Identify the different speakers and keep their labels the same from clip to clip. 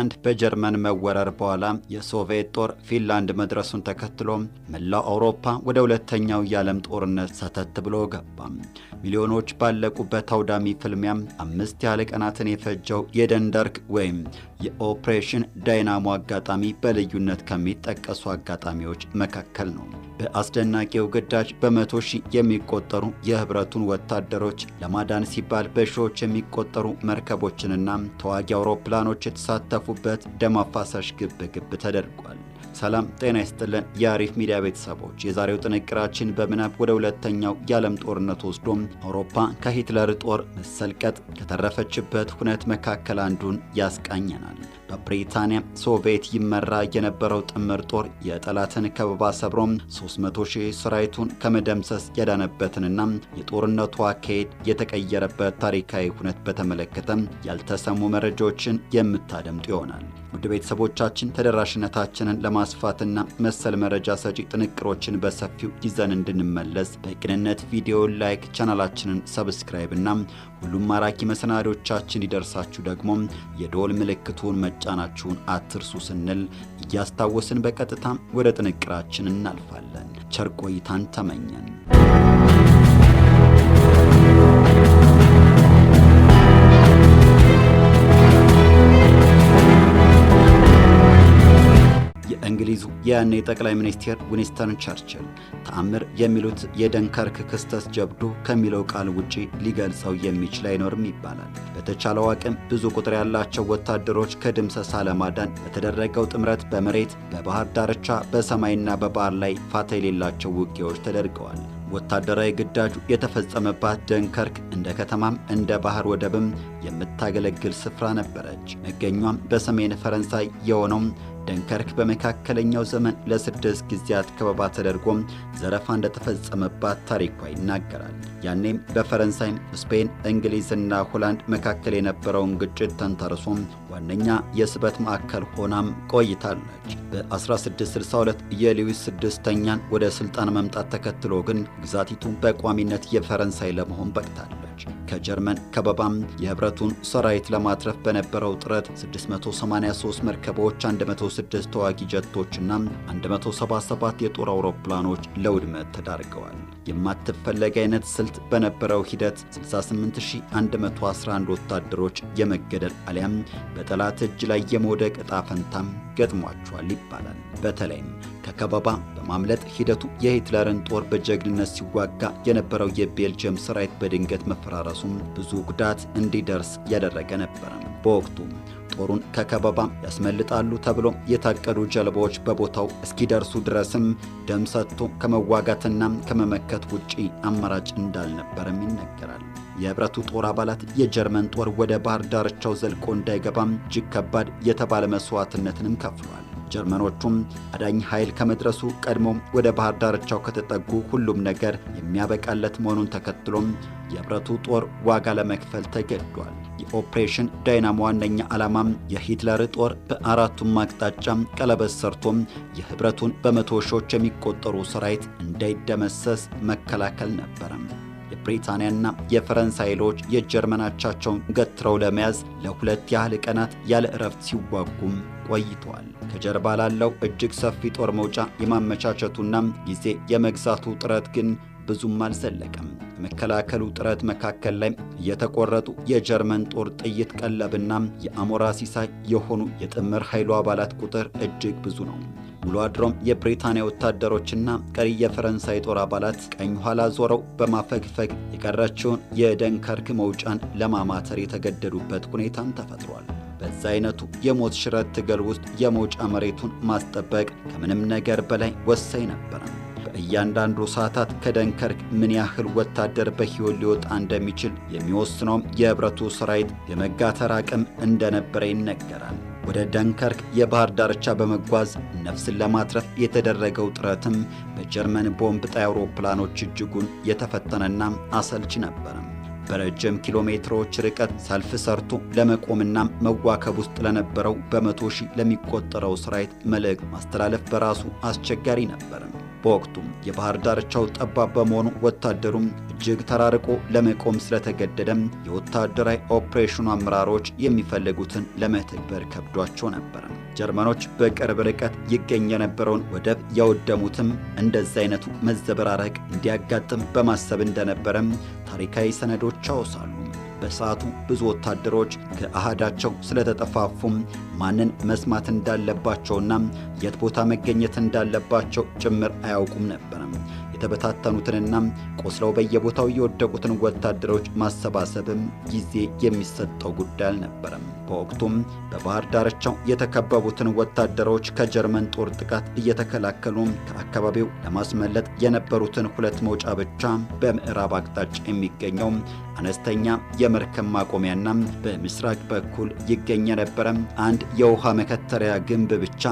Speaker 1: ፊንላንድ በጀርመን መወረር በኋላ የሶቪየት ጦር ፊንላንድ መድረሱን ተከትሎ መላው አውሮፓ ወደ ሁለተኛው የዓለም ጦርነት ሰተት ብሎ ገባ። ሚሊዮኖች ባለቁበት አውዳሚ ፍልሚያም አምስት ያህል ቀናትን የፈጀው የደንደርክ ወይም የኦፕሬሽን ዳይናሞ አጋጣሚ በልዩነት ከሚጠቀሱ አጋጣሚዎች መካከል ነው። በአስደናቂው ግዳጅ በመቶ ሺህ የሚቆጠሩ የህብረቱን ወታደሮች ለማዳን ሲባል በሺዎች የሚቆጠሩ መርከቦችንና ተዋጊ አውሮፕላኖች የተሳተፉበት ደም አፋሳሽ ግብ ተደርጓል። ሰላም ጤና ይስጥልን የአሪፍ ሚዲያ ቤተሰቦች፣ የዛሬው ጥንቅራችን በምናብ ወደ ሁለተኛው የዓለም ጦርነት ወስዶ አውሮፓ ከሂትለር ጦር መሰልቀጥ ከተረፈችበት ሁነት መካከል አንዱን ያስቃኘናል። በብሪታንያ ሶቪየት ይመራ የነበረው ጥምር ጦር የጠላትን ከበባ ሰብሮ 300 ሺህ ሰራዊቱን ከመደምሰስ ያዳነበትንና የጦርነቱ አካሄድ የተቀየረበት ታሪካዊ ሁነት በተመለከተ ያልተሰሙ መረጃዎችን የምታደምጡ ይሆናል። ውድ ቤተሰቦቻችን ተደራሽነታችንን ለማስፋትና መሰል መረጃ ሰጪ ጥንቅሮችን በሰፊው ይዘን እንድንመለስ በቅንነት ቪዲዮ ላይክ፣ ቻናላችንን ሰብስክራይብ እና ሁሉም ማራኪ መሰናዶቻችን ሊደርሳችሁ ደግሞ የዶል ምልክቱን መጫናችሁን አትርሱ ስንል እያስታወስን በቀጥታ ወደ ጥንቅራችን እናልፋለን። ቸር ቆይታን ተመኘን። የያኔ ጠቅላይ ሚኒስትር ዊንስተን ቸርችል ተአምር የሚሉት የደንከርክ ክስተት ጀብዱ ከሚለው ቃል ውጪ ሊገልጸው የሚችል አይኖርም ይባላል። በተቻለው አቅም ብዙ ቁጥር ያላቸው ወታደሮች ከድምሰሳ ለማዳን በተደረገው ጥምረት በመሬት በባህር ዳርቻ በሰማይና በባህር ላይ ፋታ የሌላቸው ውጊያዎች ተደርገዋል። ወታደራዊ ግዳጁ የተፈጸመባት ደንከርክ እንደ ከተማም እንደ ባህር ወደብም የምታገለግል ስፍራ ነበረች። መገኟም በሰሜን ፈረንሳይ የሆነውም ደንከርክ በመካከለኛው ዘመን ለስድስት ጊዜያት ከበባ ተደርጎ ዘረፋ እንደተፈጸመባት ታሪኳ ይናገራል። ያኔም በፈረንሳይን፣ ስፔን፣ እንግሊዝና ሆላንድ መካከል የነበረውን ግጭት ተንተርሶ ዋነኛ የስበት ማዕከል ሆናም ቆይታለች። በ1662 የሉዊስ ስድስተኛን ወደ ሥልጣን መምጣት ተከትሎ ግን ግዛቲቱ በቋሚነት የፈረንሳይ ለመሆን በቅታለች። ከጀርመን ከበባም የህብረቱን ሰራዊት ለማትረፍ በነበረው ጥረት 683 መርከቦች፣ 106 ተዋጊ ጀቶችና 177 የጦር አውሮፕላኖች ለውድመት ተዳርገዋል። የማትፈለግ አይነት ስልት በነበረው ሂደት 68111 ወታደሮች የመገደል አሊያም በጠላት እጅ ላይ የመውደቅ ዕጣ ፈንታም ገጥሟቸዋል ይባላል። በተለይም ከከበባ በማምለጥ ሂደቱ የሂትለርን ጦር በጀግንነት ሲዋጋ የነበረው የቤልጅየም ሰራዊት በድንገት መፈራረሱም ብዙ ጉዳት እንዲደርስ ያደረገ ነበር። በወቅቱ ጦሩን ከከበባ ያስመልጣሉ ተብሎ የታቀዱ ጀልባዎች በቦታው እስኪደርሱ ድረስም ደም ሰጥቶ ከመዋጋትና ከመመከት ውጪ አማራጭ እንዳልነበረም ይነገራል። የህብረቱ ጦር አባላት የጀርመን ጦር ወደ ባህር ዳርቻው ዘልቆ እንዳይገባም እጅግ ከባድ የተባለ መስዋዕትነትንም ከፍሏል። ጀርመኖቹም አዳኝ ኃይል ከመድረሱ ቀድሞም ወደ ባህር ዳርቻው ከተጠጉ ሁሉም ነገር የሚያበቃለት መሆኑን ተከትሎም የህብረቱ ጦር ዋጋ ለመክፈል ተገዷል። የኦፕሬሽን ዳይናሞ ዋነኛ ዓላማም የሂትለር ጦር በአራቱም አቅጣጫ ቀለበት ሰርቶም የህብረቱን በመቶ ሺዎች የሚቆጠሩ ሰራዊት እንዳይደመሰስ መከላከል ነበረም። የብሪታንያና የፈረንሳይ ኃይሎች የጀርመናቻቸውን ገትረው ለመያዝ ለሁለት ያህል ቀናት ያለ እረፍት ሲዋጉም ቆይተዋል። ከጀርባ ላለው እጅግ ሰፊ ጦር መውጫ የማመቻቸቱና ጊዜ የመግዛቱ ጥረት ግን ብዙም አልዘለቀም። መከላከሉ ጥረት መካከል ላይ የተቆረጡ የጀርመን ጦር ጥይት ቀለብና የአሞራ ሲሳይ የሆኑ የጥምር ኃይሉ አባላት ቁጥር እጅግ ብዙ ነው። ውሎ አድሮም የብሪታንያ ወታደሮችና ቀሪ የፈረንሳይ ጦር አባላት ቀኝ ኋላ ዞረው በማፈግፈግ የቀረችውን የደንከርክ መውጫን ለማማተር የተገደዱበት ሁኔታም ተፈጥሯል። በዛ አይነቱ የሞት ሽረት ትግል ውስጥ የመውጫ መሬቱን ማስጠበቅ ከምንም ነገር በላይ ወሳኝ ነበረ። በእያንዳንዱ ሰዓታት ከደንከርክ ምን ያህል ወታደር በሕይወት ሊወጣ እንደሚችል የሚወስነውም የህብረቱ ሠራዊት የመጋተር አቅም እንደነበረ ይነገራል። ወደ ደንከርክ የባህር ዳርቻ በመጓዝ ነፍስን ለማትረፍ የተደረገው ጥረትም በጀርመን ቦምብ ጣይ አውሮፕላኖች እጅጉን የተፈተነና አሰልች ነበር። በረጅም ኪሎ ሜትሮች ርቀት ሰልፍ ሰርቶ ለመቆምና መዋከብ ውስጥ ለነበረው በመቶ ሺህ ለሚቆጠረው ሰራዊት መልእክት ማስተላለፍ በራሱ አስቸጋሪ ነበር። በወቅቱም የባህር ዳርቻው ጠባብ በመሆኑ ወታደሩም እጅግ ተራርቆ ለመቆም ስለተገደደም የወታደራዊ ኦፕሬሽኑ አመራሮች የሚፈልጉትን ለመተግበር ከብዷቸው ነበር። ጀርመኖች በቅርብ ርቀት ይገኝ የነበረውን ወደብ ያወደሙትም እንደዚህ አይነቱ መዘበራረቅ እንዲያጋጥም በማሰብ እንደነበረም ታሪካዊ ሰነዶች ያወሳሉ። በሰዓቱ ብዙ ወታደሮች ከአህዳቸው ስለተጠፋፉም ማንን መስማት እንዳለባቸውና የት ቦታ መገኘት እንዳለባቸው ጭምር አያውቁም ነበረም። የተበታተኑትንና ቆስለው በየቦታው የወደቁትን ወታደሮች ማሰባሰብም ጊዜ የሚሰጠው ጉዳይ አልነበረም። በወቅቱም በባህር ዳርቻው የተከበቡትን ወታደሮች ከጀርመን ጦር ጥቃት እየተከላከሉ ከአካባቢው ለማስመለጥ የነበሩትን ሁለት መውጫ ብቻ በምዕራብ አቅጣጫ የሚገኘው አነስተኛ የመርከብ ማቆሚያና በምስራቅ በኩል ይገኝ የነበረ አንድ የውሃ መከተሪያ ግንብ ብቻ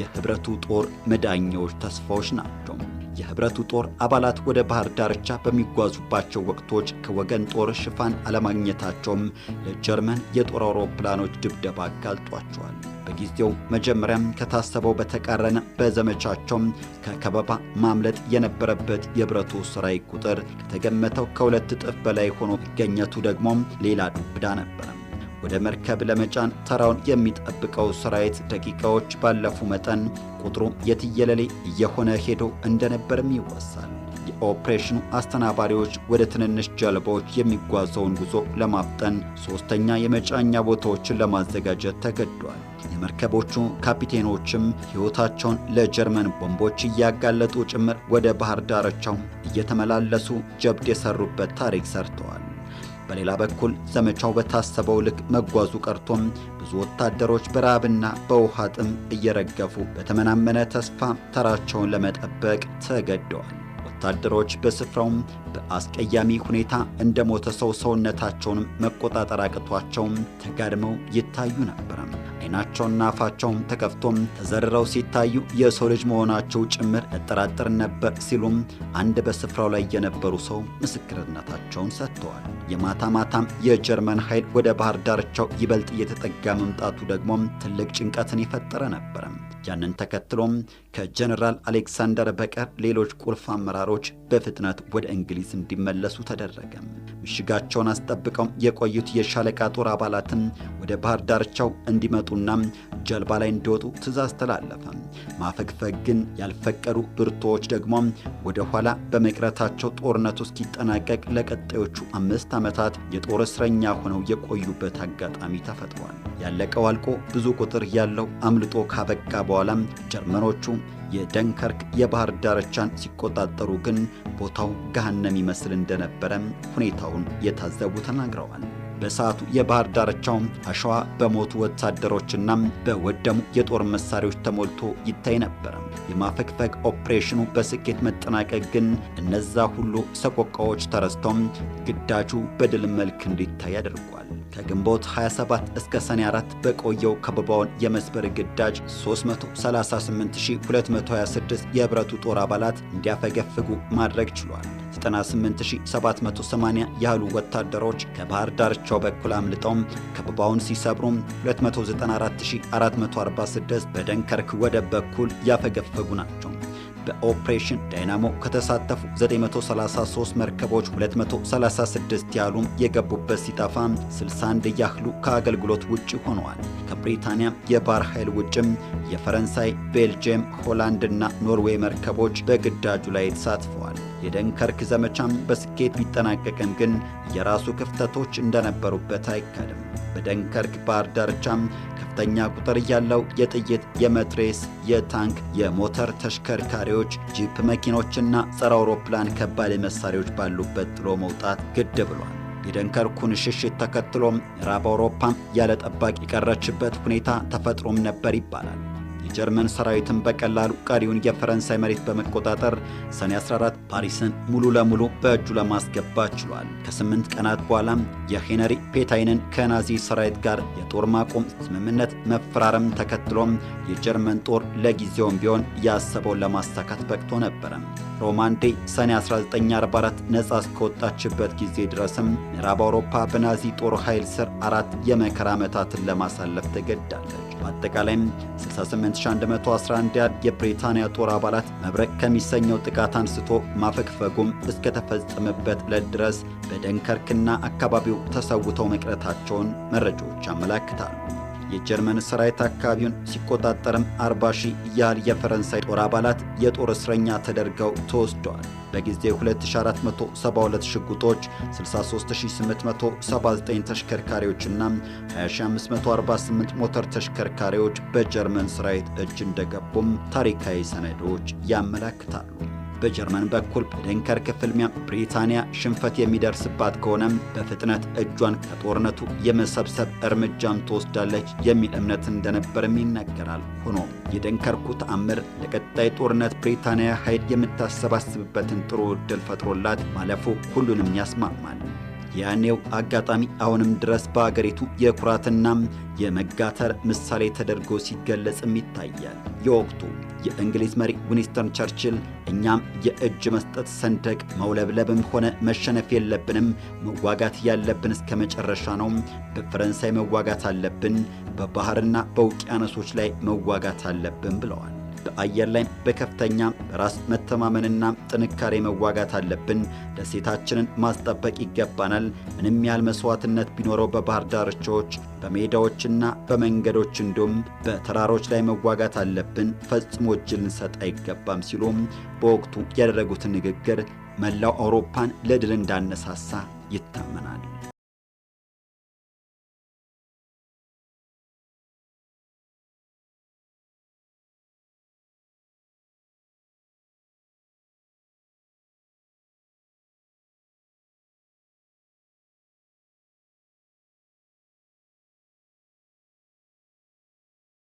Speaker 1: የህብረቱ ጦር መዳኛዎች ተስፋዎች ናቸው። የህብረቱ ጦር አባላት ወደ ባህር ዳርቻ በሚጓዙባቸው ወቅቶች ከወገን ጦር ሽፋን አለማግኘታቸውም ለጀርመን የጦር አውሮፕላኖች ድብደባ አጋልጧቸዋል። በጊዜው መጀመሪያም ከታሰበው በተቃረነ በዘመቻቸውም ከከበባ ማምለጥ የነበረበት የህብረቱ ሰራዊት ቁጥር ከተገመተው ከሁለት እጥፍ በላይ ሆኖ መገኘቱ ደግሞ ሌላ ዱብዳ ነበረ። ወደ መርከብ ለመጫን ተራውን የሚጠብቀው ሰራዊት ደቂቃዎች ባለፉ መጠን ቁጥሩ የትየለሌ እየሆነ ሄዶ እንደነበርም ይወሳል። የኦፕሬሽኑ አስተናባሪዎች ወደ ትንንሽ ጀልባዎች የሚጓዘውን ጉዞ ለማፍጠን ሦስተኛ የመጫኛ ቦታዎችን ለማዘጋጀት ተገዷል። የመርከቦቹ ካፒቴኖችም ሕይወታቸውን ለጀርመን ቦምቦች እያጋለጡ ጭምር ወደ ባህር ዳርቻው እየተመላለሱ ጀብድ የሰሩበት ታሪክ ሰርተዋል። በሌላ በኩል ዘመቻው በታሰበው ልክ መጓዙ ቀርቶም ብዙ ወታደሮች በረሃብና በውሃ ጥም እየረገፉ በተመናመነ ተስፋ ተራቸውን ለመጠበቅ ተገደዋል። ወታደሮች በስፍራውም በአስቀያሚ ሁኔታ እንደ ሞተ ሰው ሰውነታቸውን መቆጣጠር አቅቷቸው ተጋድመው ይታዩ ነበር። አይናቸውና አፋቸውም ተከፍቶም ተዘርረው ሲታዩ የሰው ልጅ መሆናቸው ጭምር እጠራጠር ነበር ሲሉም አንድ በስፍራው ላይ የነበሩ ሰው ምስክርነታቸውን ሰጥተዋል። የማታ ማታም የጀርመን ኃይል ወደ ባህር ዳርቻው ይበልጥ እየተጠጋ መምጣቱ ደግሞ ትልቅ ጭንቀትን የፈጠረ ነበር። ያንን ተከትሎም ከጀነራል አሌክሳንደር በቀር ሌሎች ቁልፍ አመራሮች በፍጥነት ወደ እንግሊዝ እንዲመለሱ ተደረገ። ምሽጋቸውን አስጠብቀው የቆዩት የሻለቃ ጦር አባላትም ወደ ባህር ዳርቻው እንዲመጡና ጀልባ ላይ እንዲወጡ ትእዛዝ ተላለፈ። ማፈግፈግ ግን ያልፈቀዱ ብርቶዎች ደግሞ ወደ ኋላ በመቅረታቸው ጦርነቱ እስኪጠናቀቅ ለቀጣዮቹ አምስት ዓመታት የጦር እስረኛ ሆነው የቆዩበት አጋጣሚ ተፈጥሯል። ያለቀው አልቆ ብዙ ቁጥር ያለው አምልጦ ካበቃ በኋላም ጀርመኖቹ የደንከርክ የባህር ዳርቻን ሲቆጣጠሩ ግን ቦታው ገሃነም ይመስል እንደነበረም ሁኔታውን የታዘቡ ተናግረዋል። በሰዓቱ የባህር ዳርቻው አሸዋ በሞቱ ወታደሮችና በወደሙ የጦር መሳሪያዎች ተሞልቶ ይታይ ነበር። የማፈግፈግ ኦፕሬሽኑ በስኬት መጠናቀቅ ግን እነዛ ሁሉ ሰቆቃዎች ተረስተው ግዳጁ በድል መልክ እንዲታይ አድርጓል። ከግንቦት 27 እስከ ሰኔ 4 በቆየው ከበባውን የመስበር ግዳጅ 338226 የህብረቱ ጦር አባላት እንዲያፈገፍጉ ማድረግ ችሏል። 98780 ያህሉ ወታደሮች ከባህር ዳርቻው በኩል አምልጠውም ከበባውን ሲሰብሩም 294446 በደንከርክ ወደብ በኩል ያፈገፈጉ ናቸው። በኦፕሬሽን ዳይናሞ ከተሳተፉ 933 መርከቦች 236 ያሉ የገቡበት ሲጠፋ 61 ያህሉ ከአገልግሎት ውጭ ሆነዋል። ከብሪታንያ የባህር ኃይል ውጭም የፈረንሳይ፣ ቤልጅየም፣ ሆላንድ እና ኖርዌይ መርከቦች በግዳጁ ላይ ተሳትፈዋል። የደንከርክ ዘመቻም በስኬት ቢጠናቀቅም ግን የራሱ ክፍተቶች እንደነበሩበት አይካድም። በደንከርክ ባህር ዳርቻም ከፍተኛ ቁጥር ያለው የጥይት፣ የመትሬስ፣ የታንክ፣ የሞተር ተሽከርካሪዎች፣ ጂፕ መኪኖችና ጸረ አውሮፕላን ከባድ መሳሪያዎች ባሉበት ጥሎ መውጣት ግድ ብሏል። የደንከርኩን ሽሽት ተከትሎም ምዕራብ አውሮፓ ያለ ጠባቂ የቀረችበት ሁኔታ ተፈጥሮም ነበር ይባላል። የጀርመን ሰራዊትን በቀላሉ ቀሪውን የፈረንሳይ መሬት በመቆጣጠር ሰኔ 14 ፓሪስን ሙሉ ለሙሉ በእጁ ለማስገባት ችሏል። ከስምንት ቀናት በኋላም የሄነሪ ፔታይንን ከናዚ ሰራዊት ጋር የጦር ማቆም ስምምነት መፈራረም ተከትሎም የጀርመን ጦር ለጊዜውም ቢሆን ያሰበውን ለማሳካት በቅቶ ነበረ። ሮማንዴ ሰኔ 1944 ነጻ እስከወጣችበት ጊዜ ድረስም ምዕራብ አውሮፓ በናዚ ጦር ኃይል ስር አራት የመከራ ዓመታትን ለማሳለፍ ተገድዳለች። በአጠቃላይም 68111 የብሪታንያ ጦር አባላት መብረቅ ከሚሰኘው ጥቃት አንስቶ ማፈግፈጉም እስከተፈጸመበት ዕለት ድረስ በደንከርክና አካባቢው ተሰውተው መቅረታቸውን መረጃዎች አመላክታሉ። የጀርመን ሰራዊት አካባቢውን ሲቆጣጠርም 40 ሺህ ያህል የፈረንሳይ ጦር አባላት የጦር እስረኛ ተደርገው ተወስደዋል። በጊዜው 2472 ሽጉጦች፣ 63879 ተሽከርካሪዎችና 20548 ሞተር ተሽከርካሪዎች በጀርመን ሰራዊት እጅ እንደገቡም ታሪካዊ ሰነዶች ያመላክታሉ። በጀርመን በኩል በደንከርክ ፍልሚያ ብሪታንያ ሽንፈት የሚደርስባት ከሆነም በፍጥነት እጇን ከጦርነቱ የመሰብሰብ እርምጃም ትወስዳለች የሚል እምነት እንደነበርም ይነገራል ሆኖ የደንከርኩ ተአምር ለቀጣይ ጦርነት ብሪታንያ ኃይል የምታሰባስብበትን ጥሩ ዕድል ፈጥሮላት ማለፉ ሁሉንም ያስማማል። ያኔው አጋጣሚ አሁንም ድረስ በአገሪቱ የኩራትና የመጋተር ምሳሌ ተደርጎ ሲገለጽም ይታያል። የወቅቱ የእንግሊዝ መሪ ዊንስተን ቸርችል እኛም የእጅ መስጠት ሰንደቅ መውለብለብም ሆነ መሸነፍ የለብንም፣ መዋጋት ያለብን እስከ መጨረሻ ነው። በፈረንሳይ መዋጋት አለብን፣ በባህርና በውቅያኖሶች ላይ መዋጋት አለብን ብለዋል። በአየር ላይ በከፍተኛ በራስ መተማመንና ጥንካሬ መዋጋት አለብን። ደሴታችንን ማስጠበቅ ይገባናል። ምንም ያህል መስዋዕትነት ቢኖረው በባህር ዳርቻዎች በሜዳዎችና በመንገዶች እንዲሁም በተራሮች ላይ መዋጋት አለብን። ፈጽሞ እጅ ልንሰጥ አይገባም ሲሉም በወቅቱ ያደረጉትን ንግግር መላው አውሮፓን ለድል እንዳነሳሳ ይታመናል።